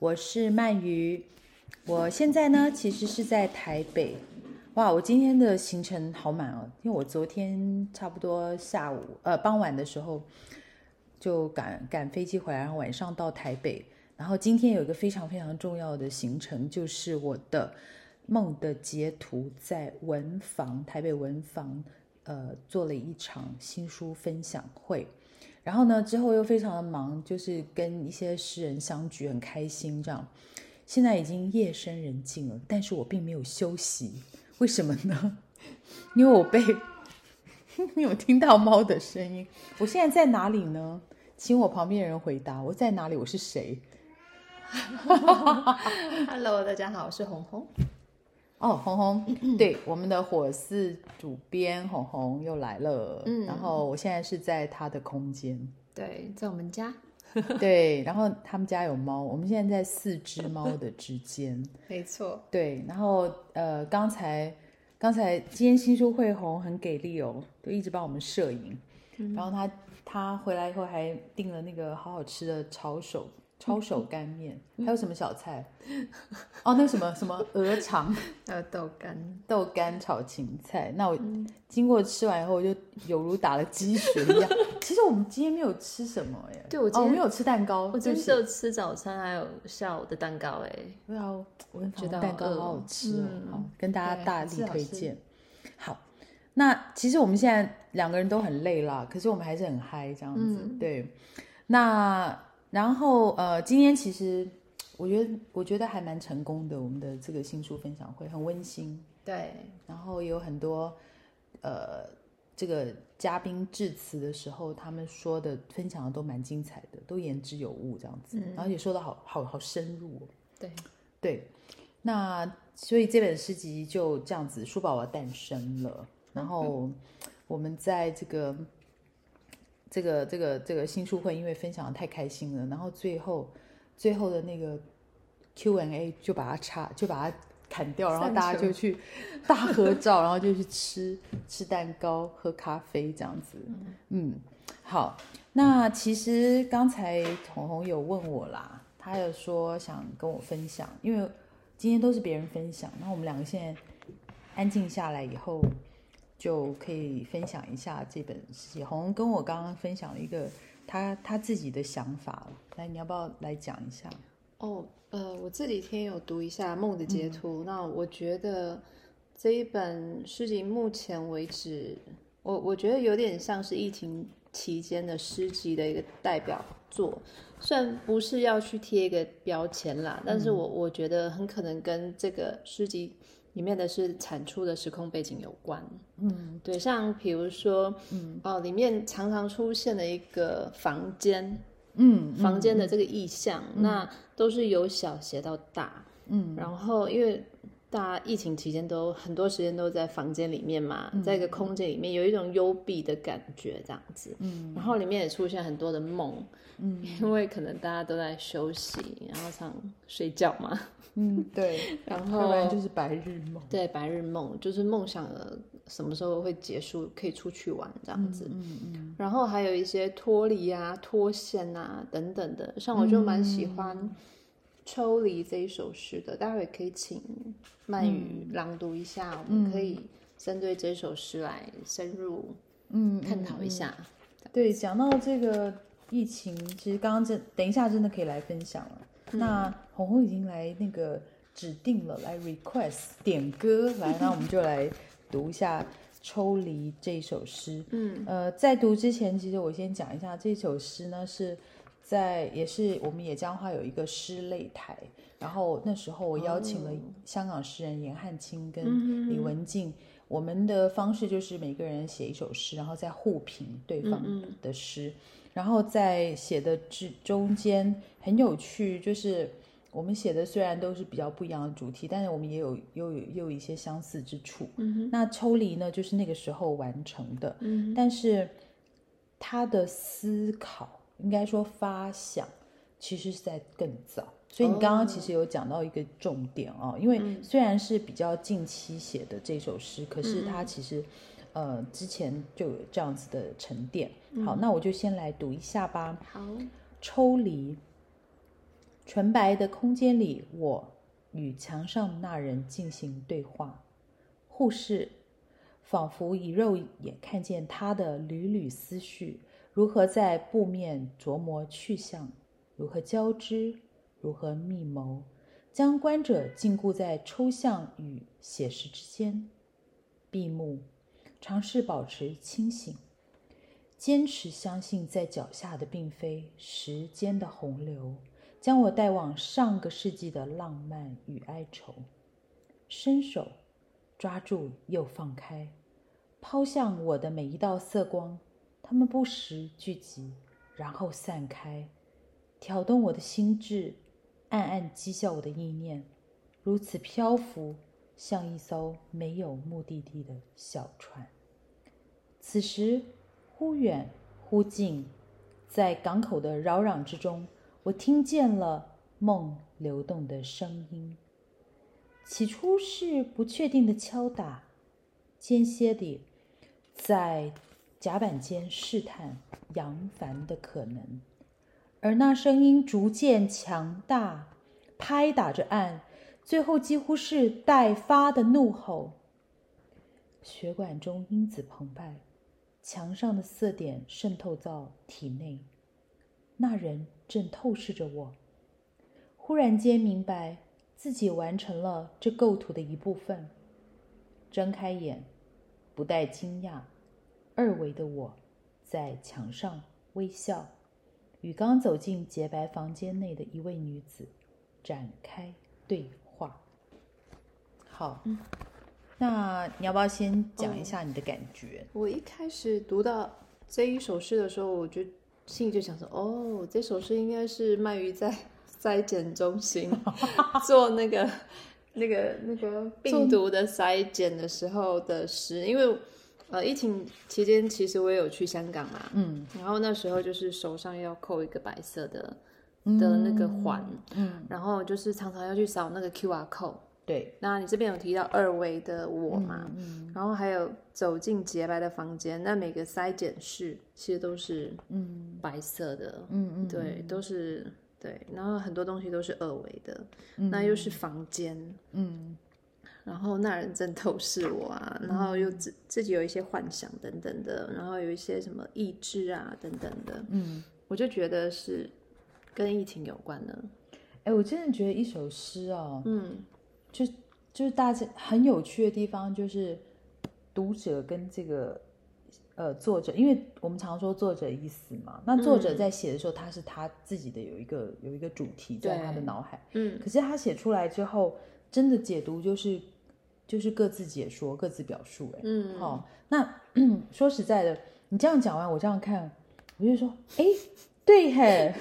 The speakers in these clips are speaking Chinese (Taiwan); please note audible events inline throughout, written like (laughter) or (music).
我是漫漁，我現在呢，其實是在台北，哇，我今天的行程好滿哦，因為我昨天差不多下午呃、傍晚的時候就趕趕飛機回來，然後晚上到台北，然後今天有一個非常非常重要的行程，就是我的夢的截圖在文房、台北文房呃做了一場新書分享會。然後呢，之後又非常的忙，就是跟一些詩人相聚，很開心這樣。現在已經夜深人靜了，但是我並沒有休息，為什麼呢？因為我被你有聽到貓的聲音。我現在在哪裡呢？請我旁邊的人回答，我在哪裡？我是誰 (laughs) ？Hello，大家好，我是紅紅。哦，紅紅， (coughs) 對，我們的火寺主編紅紅又來了。嗯，然後我現在是在他的空間，對，在我們家。 (laughs) 對，然後他們家有貓，我們現在在四隻貓的之間。沒錯。對，然後呃，剛才剛才今天新書會紅很給力哦，就一直幫我們攝影。嗯。然後他他回來以後還訂了那個好好吃的抄手。抄手乾麵還有什麼小菜？哦，那個什麼什麼鵝腸，還有豆乾，豆乾炒芹菜。那我經過吃完以後，我就有如打了雞血一樣。其實我們今天沒有吃什麼耶，對，我今天沒有吃蛋糕，我今天只有吃早餐，還有下午的蛋糕哎。我，覺得蛋糕好好吃哦，跟大家大力推薦。好，那其實我們現在兩個人都很累了，可是我們還是很嗨這樣子。對，那。然後，呃，今天其實我覺得，我覺得還蠻成功的。我們的這個新書分享會很溫馨，對。然後也有很多，呃，這個嘉賓致辭的時候，他們說的分享的都蠻精彩的，都言之有物，這樣子。嗯。然後也說得好好好深入哦。對。對。那所以這本詩集就這樣子，書寶寶誕生了。然後我們在這個。這個這個這個新書會，因為分享得太開心了，然後最後，最後的那個 Q&A 就把它叉，就把它砍掉，成然後大家就去大合照， (laughs) 然後就去吃吃蛋糕、喝咖啡這樣子。嗯，嗯，好。那其實剛才紅紅有問我啦，她有說想跟我分享，因為今天都是別人分享，然後我們兩個現在安靜下來以後。就可以分享一下這本詩集。紅跟我剛剛分享了一個他他自己的想法來，你要不要來講一下？哦，呃，我這幾天有讀一下《夢的截圖》，嗯、那我覺得這一本詩集目前為止，我我覺得有點像是疫情期間的詩集的一個代表作，雖然不是要去貼一個標籤啦，但是我、嗯、我覺得很可能跟這個詩集。裡面的是產出的時空背景有關，嗯，對，像比如說，嗯，哦，裡面常常出現的一個房間，嗯，房間的這個意象，嗯，那都是由小寫到大，嗯，然後因為。大家疫情期間都很多時間都在房間裡面嘛，嗯、在一個空間裡面有一種幽閉的感覺，這樣子。嗯，然後裡面也出現很多的夢，嗯，因為可能大家都在休息，然後想睡覺嘛。嗯，對。然後。後來就是白日夢。對，白日夢就是夢想了什麼時候會結束，可以出去玩這樣子。嗯，嗯，嗯，然後還有一些脫離啊、脫線啊等等的，像我就蠻喜歡、嗯。抽離這一首詩的，待會可以請漫漁朗讀一下，嗯、我們可以針對這首詩來深入嗯探討一下。嗯嗯嗯、對，講到這個疫情，其實剛剛等一下真的可以來分享了。嗯、那紅紅已經來那個指定了來 request 點歌來，那我們就來讀一下抽離這首詩。嗯，呃，在讀之前，其實我先講一下這一首詩呢是。在也是，我們也將會有一個詩擂台。然後那時候我邀請了香港詩人嚴漢清跟李文靜。我們的方式就是每個人寫一首詩，然後再互評對方的詩。然後在寫的之中間很有趣，就是我們寫的雖然都是比較不一樣的主題，但是我們也有又有又有一些相似之處。那抽離呢，就是那個時候完成的。嗯，但是他的思考。應該說發想其實是在更早，所以你剛剛其實有講到一個重點哦、啊，oh. 因為雖然是比較近期寫的這首詩，嗯、可是它其實呃之前就有這樣子的沉澱。嗯、好，那我就先來讀一下吧。好，抽離純白的空間裡，我與牆上那人進行對話，互視仿佛以肉眼看見他的縷縷思緒。如何在布面琢磨去向？如何交織？如何密謀？將觀者禁錮在抽象與寫實之間。閉目，嘗試保持清醒，堅持相信在腳下的並非時間的洪流，將我帶往上個世紀的浪漫與哀愁。伸手，抓住又放開，拋向我的每一道色光。他們不時聚集，然後散開，挑動我的心智，暗暗譏笑我的意念，如此漂浮，像一艘沒有目的地的小船。此時忽遠忽近，在港口的擾攘之中，我聽見了夢流動的聲音。起初是不確定的敲打，間歇地在。甲板間試探揚帆的可能，而那聲音逐漸強大，拍打着岸，最後幾乎是待發的怒吼。血管中因子澎湃，牆上的色點滲透到體內。那人正透視着我，忽然間明白自己完成了這構圖的一部分。睜開眼，不帶驚訝。二維的我，在牆上微笑，與剛走進潔白房間內的一位女子展開對話。好，嗯，那你要不要先講一下你的感覺？哦，我一開始讀到這一首詩的時候，我就心裡就想說：“哦，這首詩應該是漫漁在篩檢中心做那個、那個、那個病毒的篩檢的時候的詩，因為。”呃，疫情期間其實我也有去香港嘛，嗯，然後那時候就是手上要扣一個白色的、嗯、的那個環，嗯，然後就是常常要去掃那個 QR code，對，那你這邊有提到二維的我嘛，嗯，嗯然後還有走進潔白的房間，嗯、那每個篩檢室其實都是嗯白色的，嗯嗯，嗯對，都是對，然後很多東西都是二維的，嗯、那又是房間，嗯。嗯然後那人正透視我啊，然後又自自己有一些幻想等等的，然後有一些什麼意誌啊等等的，嗯，我就覺得是跟疫情有關的。哎、欸，我真的覺得一首詩哦，嗯，就就是大家很有趣的地方就是讀者跟這個呃作者，因為我們常說作者已死嘛，那作者在寫的時候、嗯、他是他自己的有一個有一個主題在他的腦海，嗯，可是他寫出來之後。真的解讀就是，就是各自解說、各自表述。哎，嗯，好、哦，那說實在的，你這樣講完，我這樣看，我就說，哎，對嘿。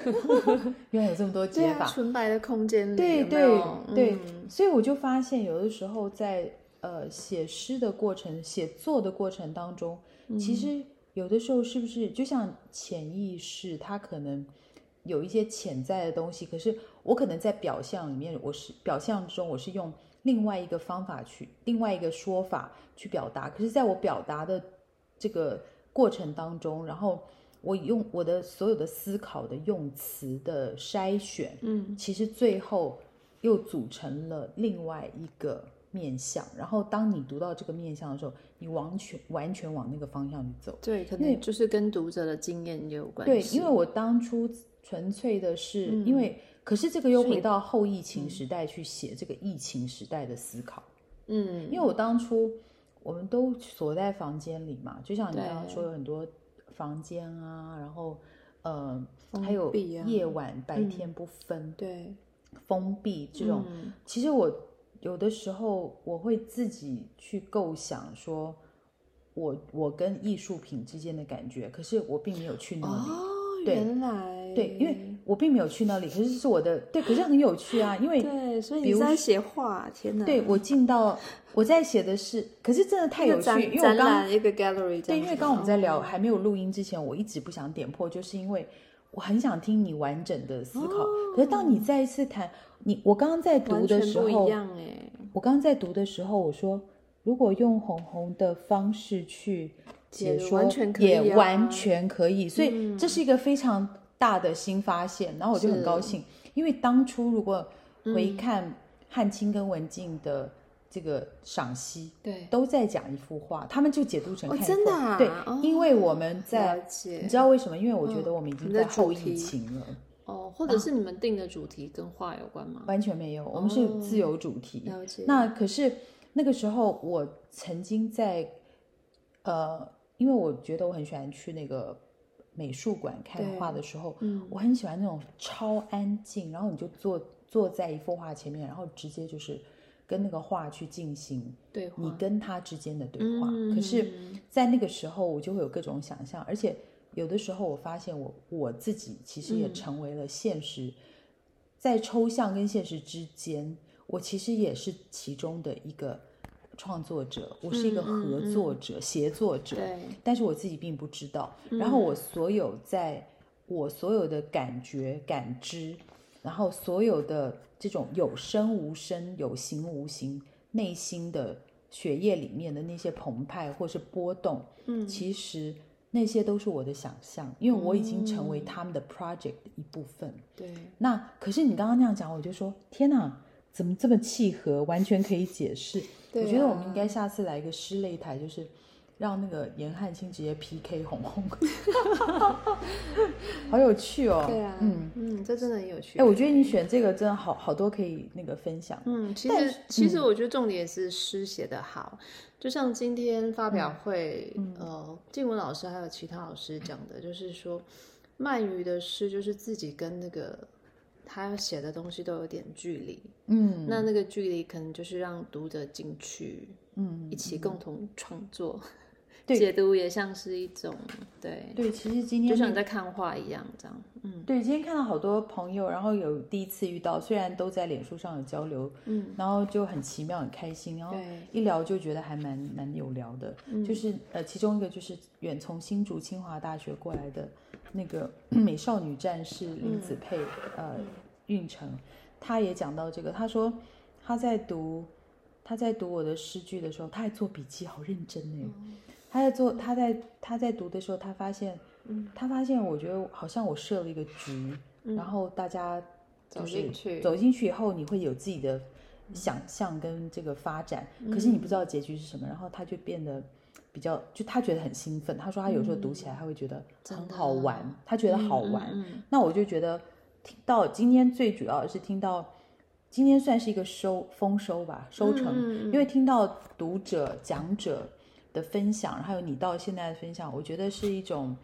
(laughs) 原來有這麼多解法，對啊、純白的空間，對對對。嗯、所以我就發現，有的時候在呃寫詩的過程、寫作的過程當中，其實有的時候是不是、嗯、就像潛意識，它可能有一些潛在的東西，可是。我可能在表象裡面，我是表象中，我是用另外一個方法去，另外一個說法去表達。可是，在我表達的這個過程當中，然後我用我的所有的思考的用詞的篩選，嗯，其實最後又組成了另外一個。面相，然後當你讀到這個面相的時候，你完全完全往那個方向去走。對，可能也就是跟讀者的經驗也有關係。對，因為我當初純粹的是、嗯、因為，可是這個又回到後疫情時代去寫這個疫情時代的思考。嗯，因為我當初我們都鎖在房間裡嘛，就像你剛剛說有很多房間啊，然後呃封閉、啊、還有夜晚白天不分，嗯、對，封閉這種，嗯、其實我。有的時候我會自己去構想說我，我我跟藝術品之間的感覺，可是我並沒有去那裡。哦，對原來對，因為我並沒有去那裡，可，就是是我的對，可是很有趣啊，因為對，所以你在寫畫，比如天哪，對，我進到我在寫的是，可是真的太有趣，因為我剛，剛，展覽一個 gallery 對，因為剛，剛我們在聊，嗯、還沒有錄音之前，我一直不想點破，就是因為。我很想聽你完整的思考，哦、可是當你再一次談你，我剛剛在讀的時候，我剛剛在讀的時候，我說如果用紅紅的方式去解說，也完，啊、也完全可以，嗯、所以這是一個非常大的新發現，然後我就很高興，是因為當初如果回看漢卿跟文靜的。這個賞析對都在講一幅畫，他們就解讀成看、哦、真的、啊、對，哦、因為我們在了解，你知道為什麼？因為我覺得我們已經在後疫情了哦，或者是你們定的主題跟畫有關嗎？啊、完全沒有，我們是自由主題。哦、那可是那個時候，我曾經在呃，因為我覺得我很喜歡去那個美術館看畫的時候，嗯、我很喜歡那種超安靜，然後你就坐坐在一幅畫前面，然後直接就是。跟那個畫去進行，對話，你跟他之間的對話。嗯、可是，在那個時候，我就會有各種想象，嗯、而且有的時候，我發現我我自己其實也成為了現實，嗯、在抽象跟現實之間，我其實也是其中的一個創作者，我是一個合作者、嗯、協作者，嗯嗯、但是我自己並不知道。嗯、然後，我所有在我所有的感覺、感知。然後所有的這種有聲無聲、有形無形、內心的血液裡面的那些澎湃或是波動，嗯，其實那些都是我的想象，因為我已經成為他們的 project 的一部分。嗯、對，那可是你剛剛那樣講，我就說天哪，怎麼這麼契合，完全可以解釋。對啊、我覺得我們應該下次來一個詩擂台，就是。讓那個嚴漢卿直接 PK 紅紅， (laughs) 好有趣哦！對啊，嗯嗯，這真的很有趣。哎、欸，我覺得你選這個真的好好多可以那個分享。嗯，其實是其實我覺得重點是詩寫得好，嗯、就像今天發表會，嗯、呃，靜文老師還有其他老師講的，嗯、就是說漫漁的詩就是自己跟那個他寫的東西都有點距離，嗯，那那個距離可能就是讓讀者進去，嗯，一起共同創作。嗯嗯對解讀也像是一種對對，其實今天就像你在看畫一樣，這樣。嗯，對，今天看到好多朋友，然後有第一次遇到，雖然都在臉書上有交流，嗯，然後就很奇妙，很開心，然後一聊就覺得還蠻蠻有聊的，嗯、就是呃，其中一個就是遠從新竹清華大學過來的那個美少女戰士林子佩、嗯、呃運程，他也講到這個，他說他在讀，他在讀我的詩句的時候，他還做筆記，好認真呢。哦他在做，他在他在讀的時候，他發現，嗯、他發現，我覺得好像我設了一個局，嗯、然後大家走進去，走進去以後，你會有自己的想象跟這個發展，嗯、可是你不知道結局是什麼。嗯、然後他就變得比較，就他覺得很興奮。嗯、他說他有時候讀起來，他會覺得很好玩，的他覺得好玩。嗯、那我就覺得到今天最主要的是聽到今天算是一個收豐收吧，收成，嗯、因為聽到讀者講者。分享，還有你到現在的分享，我覺得是一種，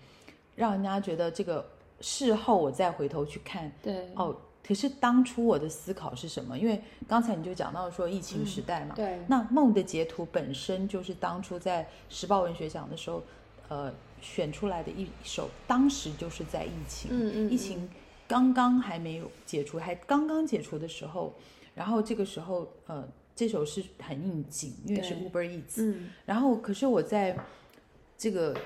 讓人家覺得這個事後我再回頭去看，對，哦，可是當初我的思考是什麼？因為剛才你就講到說疫情時代嘛，嗯、對，那夢的截圖本身就是當初在時報文學獎的時候，呃，選出來的一首，當時就是在疫情，嗯，嗯嗯疫情剛剛還沒有解除，還剛剛解除的時候，然後這個時候，呃。這首是很應景，對因為是 Uber Eats、嗯、 然後可是我在這個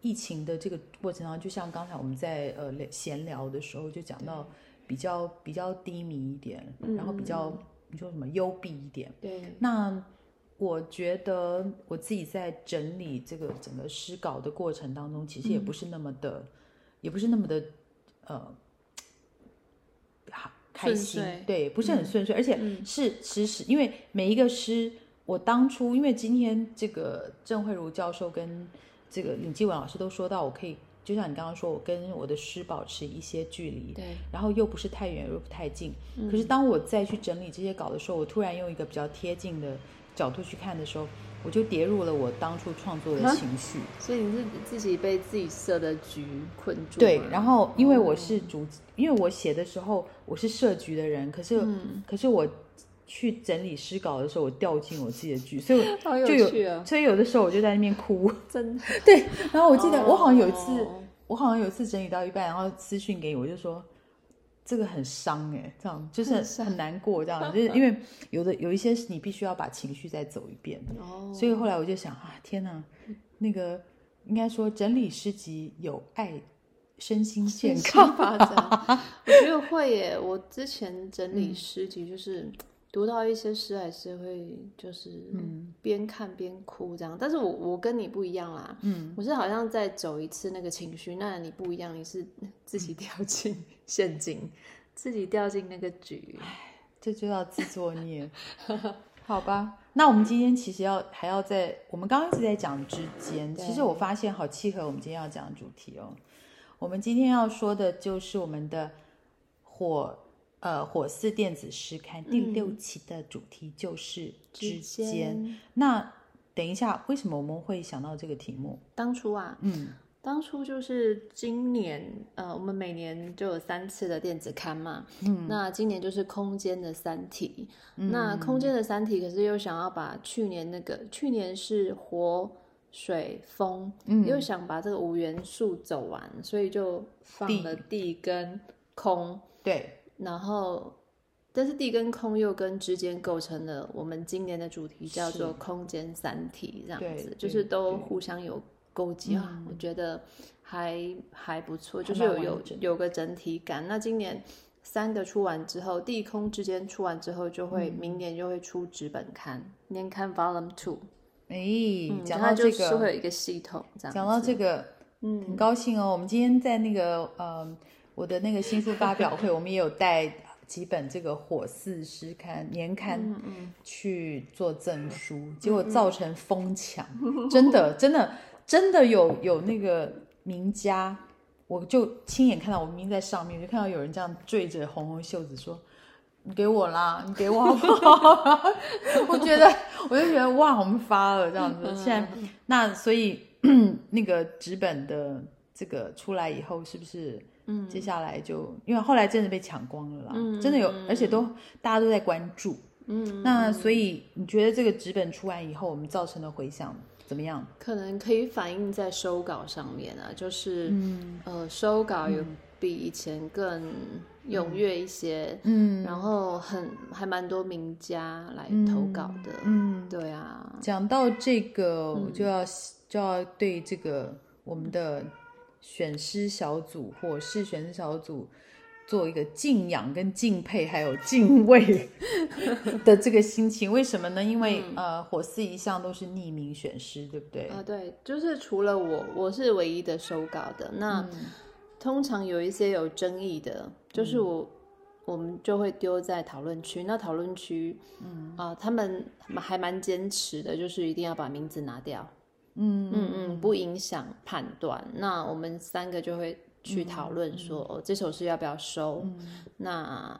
疫情的這個過程當中，就像剛才我們在呃閒聊的時候就講到，比較對比較低迷一點，嗯、然後比較你說什麼幽閉一點。對，那我覺得我自己在整理這個整個詩稿的過程當中，其實也不是那麼的，嗯、也不是那麼的呃好。開心遂對，嗯、不是很順遂，而且是其實，實、嗯、因為每一個詩，我當初因為今天這個鄭慧如教授跟這個尹繼文老師都說到，我可以就像你剛剛說，我跟我的詩保持一些距離，對，然後又不是太遠，又不太近。嗯、可是當我再去整理這些稿的時候，我突然用一個比較貼近的角度去看的時候。我就跌入了我當初創作的情緒，所以你是自己被自己設的局困住。對，然後因為我是主，哦、因為我寫的時候我是設局的人，可是、嗯、可是我去整理詩稿的時候，我掉進我自己的局，所以我，就有，有啊、所以有的時候我就在那邊哭。 (laughs) 真的對，然後我記得我好像有一次，哦、我好像有一次整理到一半，然後私訊給你，我就說。這個很傷哎，這樣就是很難過，善這樣就是因為有的有一些事情你必須要把情緒再走一遍，哦，所以後來我就想啊，天哪，那個應該說整理詩集有礙，身心健康，身心發展，我覺得會耶。 (laughs) 我之前整理詩集就是。讀到一些詩，還是會就是嗯，邊看邊哭這樣。嗯、但是我我跟你不一樣啦，嗯，我是好像在走一次那個情緒。那你不一樣，你是自己掉進陷阱，嗯、自己掉進那個局，這就叫自作孽。 (laughs) 好吧，那我們今天其實要還要在我們剛剛一直在講之間，對其實我發現好契合我們今天要講的主題哦。我們今天要說的就是我們的火。呃，火寺電子詩刊第六期的主題就是之間“之間、嗯”。那等一下，為什麼我們會想到這個題目？當初啊，嗯，當初就是今年，呃，我們每年就有三次的電子刊嘛，嗯，那今年就是空間的三題。嗯、那空間的三題，可是又想要把去年那個，去年是火、水、風，嗯，又想把這個五元素走完，所以就放了地跟空，對。然後，但是地跟空又跟之間構成了我們今年的主題，叫做“空間三體”這樣子，是就是都互相有勾結啊。嗯、我覺得還還不錯，就是有有,有個整體感。那今年三個出完之後，地空之間出完之後，就會明年就會出紙本刊，嗯、年刊 Volume Two。哎誒，嗯、講到這個會有一個系統。講到這個，嗯，很高興哦。嗯、我們今天在那個，嗯、um,。我的那個新書發表會，我們也有帶幾本這個《火寺詩刊》年刊去做贈書，結果造成瘋搶，真的真的真的有有那個名家，我就親眼看到，我明明在上面，就看到有人這樣拽着紅紅袖子說：“你給我啦，你給我好不好？”我覺得，我就覺得哇，我們發了這樣子。 (laughs) 現在那所以 (coughs) 那個紙本的這個出來以後，是不是？嗯，接下來就因為後來真的被搶光了啦，嗯、真的有，嗯、而且都大家都在關注，嗯，那所以你覺得這個紙本出完以後，我們造成的回響怎麼樣？可能可以反映在收稿上面啊。就是、嗯、呃，收稿有比以前更踊躍一些，嗯，然後很還蠻多名家來投稿的，嗯，嗯對啊，講到這個，嗯、我就要就要對這個我們的。選詩小組或是選詩小組做一個敬仰，跟敬佩還有敬畏的這個心情，為什麼呢？因為、嗯、呃，火寺一向都是匿名選詩，對不對？啊，對，就是除了我，我是唯一的收稿的。那、嗯、通常有一些有爭議的，就是我、嗯、我們就會丟在討論區。那討論區，嗯、呃、啊，他們還蠻堅持的，就是一定要把名字拿掉。嗯嗯嗯，不影響判斷。那我們三個就會去討論說，嗯嗯、哦，這首詩要不要收？嗯、那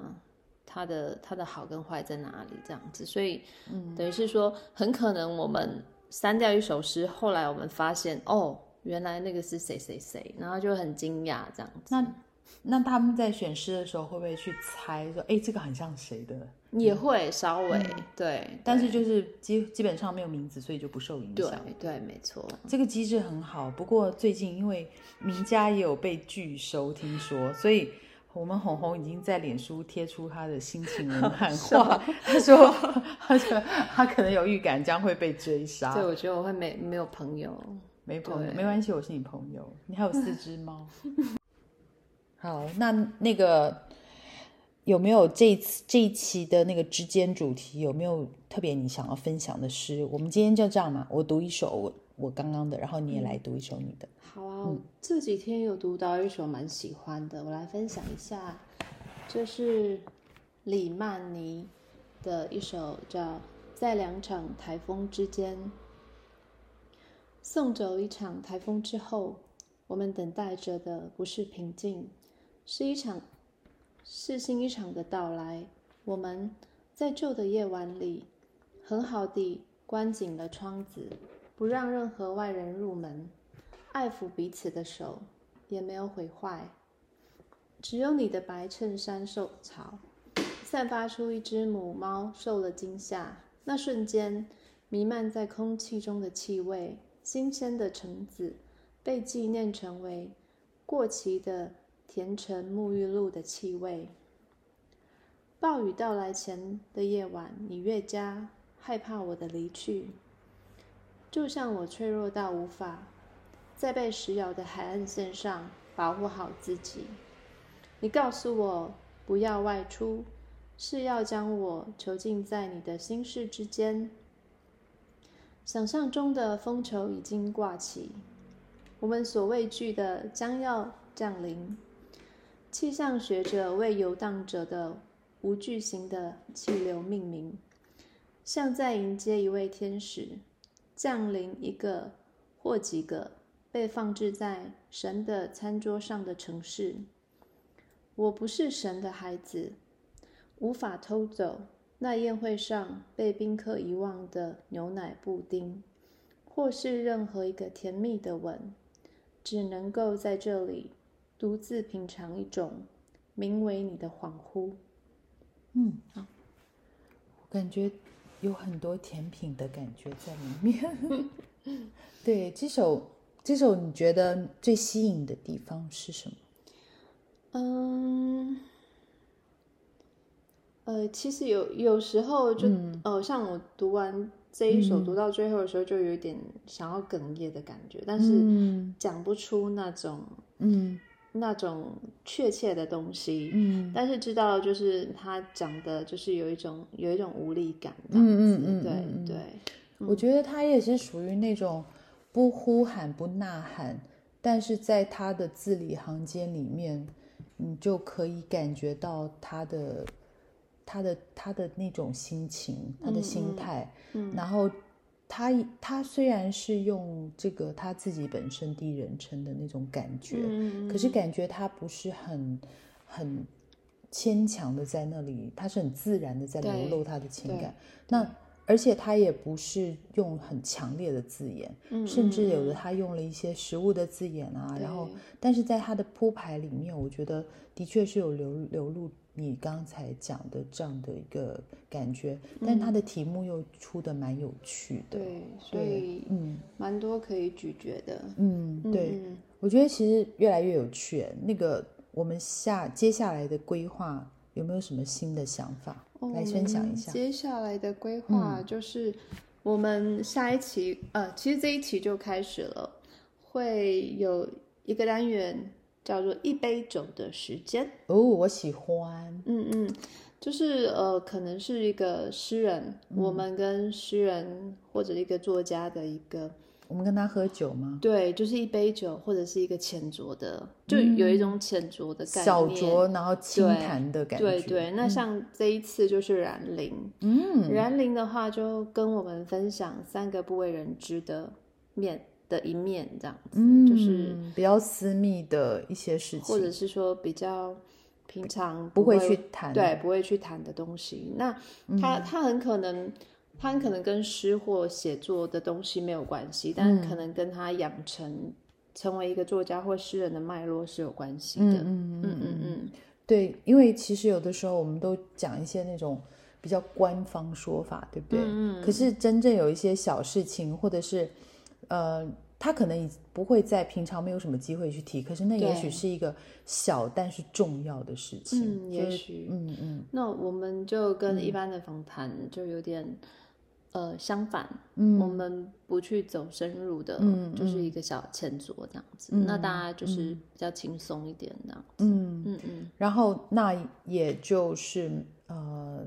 它的它的好跟壞在哪裡？這樣子，所以，嗯、等於是說，很可能我們刪掉一首詩，後來我們發現，哦，原來那個是誰誰誰，然後就很驚訝這樣子。那那他們在選詩的時候，會不會去猜說，誒，這個很像誰的？也會稍微、嗯、對，但是就是基基本上沒有名字，所以就不受影響。對，對，沒錯，這個機制很好。不過最近因為名家也有被拒收，聽說，所以我們紅紅已經在臉書貼出他的心情喊話他說，他說他可能有預感，將會被追殺。對，我覺得我會沒沒有朋友，沒朋友對沒關係，我是你朋友。你還有四只貓？ (laughs) 好，那那個。有沒有這次這一期的那個之間主題有沒有特別你想要分享的詩？我們今天就這樣嘛，我讀一首我，我剛剛的，然後你也來讀一首你的。嗯、好啊，嗯、這幾天有讀到一首蠻喜歡的，我來分享一下，這是李曼妮的一首叫《在兩場台風之間》，送走一場台風之後，我們等待着的不是平靜，是一場。是新一場的到來。我們在舊的夜晚裡，很好地關緊了窗子，不讓任何外人入門。愛撫彼此的手也沒有毀壞，只有你的白襯衫受潮，散發出一隻母貓受了驚嚇那瞬間瀰漫在空氣中的氣味。新鮮的橙子被紀念成為過期的。甜橙沐浴露的氣味。暴雨到來前的夜晚，你越加害怕我的離去，就像我脆弱到無法在被蝕咬的海岸線上保護好自己。你告訴我不要外出，是要將我囚禁在你的心事之間。想象中的風球已經掛起，我們所畏懼的將要降臨。氣象學者為遊蕩者的無巨型的氣流命名，像在迎接一位天使降臨一個或幾個被放置在神的餐桌上的城市。我不是神的孩子，無法偷走那宴會上被賓客遺忘的牛奶布丁，或是任何一個甜蜜的吻，只能夠在這裡。獨自品嚐一種名為你的恍惚，嗯，好，我感覺有很多甜品的感覺在裡面。 (laughs) 對，這首這首你覺得最吸引的地方是什麼？嗯，呃，其實有有時候就、嗯呃，像我讀完這一首、嗯、讀到最後的時候，就有點想要哽咽的感覺，嗯、但是講不出那種嗯。那種確切的東西，嗯，但是知道就是他講的，就是有一種有一種無力感，嗯，嗯嗯對對，對我覺得他也是屬於那種不呼喊、不吶喊，但是在他的字裡行間裡面，你就可以感覺到他的他的他的那種心情，嗯，他的心態，嗯嗯，然後。他他雖然是用這個他自己本身第一人稱的那種感覺，嗯、可是感覺他不是很很牽強的在那裡，他是很自然的在流露他的情感。對那對而且他也不是用很強烈的字眼，嗯、甚至有的他用了一些食物的字眼啊，嗯、然後對但是在他的鋪排裡面，我覺得的確是有流流露。你剛才講的這樣的一個感覺，但他的題目又出的蠻有趣的，嗯、對，所以嗯，蠻多可以咀嚼的，嗯，對，嗯、我覺得其實越來越有趣。那個我們下接下來的規劃有沒有什麼新的想法、哦、來分享一下？接下來的規劃就是我們下一期，呃、嗯啊，其實這一期就開始了，會有一個單元。叫做一杯酒的時間。哦，我喜歡。嗯嗯，就是呃，可能是一個詩人，嗯、我們跟詩人或者一個作家的一個，我們跟他喝酒嗎？對，就是一杯酒或者是一個淺酌的，嗯、就有一種淺酌的感覺。小酌然後輕談的感覺。對對，那像這一次就是然林，嗯，然、嗯、林的話就跟我們分享三個不為人知的面，的一面，這樣子，嗯、就是比較私密的一些事情，或者是說比較平常不會，不會去談，對，不會去談的東西。那他、嗯、他很可能，他很可能跟詩或寫作的東西沒有關係，但可能跟他養成、嗯、成為一個作家或詩人的脈絡是有關係的。嗯嗯嗯嗯嗯，嗯嗯嗯對，因為其實有的時候我們都講一些那種比較官方說法，對不對？嗯、可是真正有一些小事情，或者是。呃，他可能不會在平常沒有什麼機會去提，可是那也許是一個小但是重要的事情。對以嗯，也許、嗯，嗯嗯。那我們就跟一般的訪談就有點、嗯、呃相反，嗯，我們不去走深入的，嗯，就是一個小淺酌這樣子，嗯、那大家就是比較輕鬆一點那樣子，嗯嗯嗯。嗯嗯嗯，然後那也就是呃。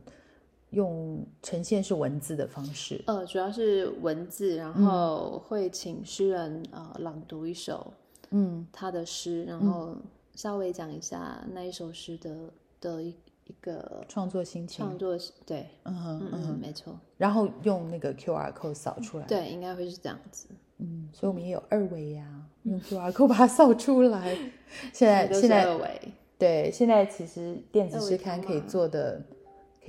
用呈現是文字的方式，呃，主要是文字，然後會請詩人呃朗讀一首，嗯，他的詩，嗯、然後稍微講一下那一首詩的的一一個創作心情，創作對，嗯嗯，嗯，沒錯。然後用那個 QR code 掃出來，對，應該會是這樣子，嗯，所以我們也有二維呀、啊，嗯、用 QR code 把它掃出來。 (laughs) 現在現在二維，對，現在其實電子詩刊可以做的。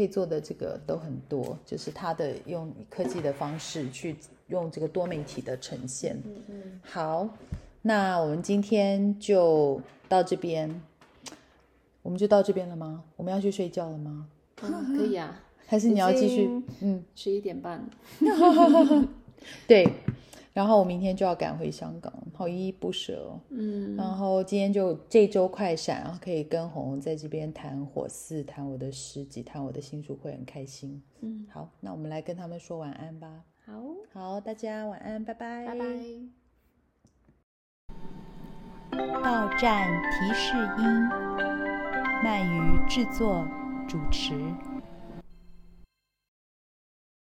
可以做的這個都很多，就是它的用科技的方式去用這個多媒體的呈現。嗯，嗯。好，那我們今天就到這邊，我們就到這邊了嗎？我們要去睡覺了嗎？啊，可以啊，還是你要繼續？11嗯，十一點半。對。然後我明天就要趕回香港，好依依不捨。嗯，然後今天就這周快閃，然後可以跟紅紅在這邊談火寺，談我的事，詩，談我的心事，會很開心。嗯，好，那我們來跟他們說晚安吧。好，好，大家晚安，拜拜，拜拜。到站提示音，漫漁製作，主持。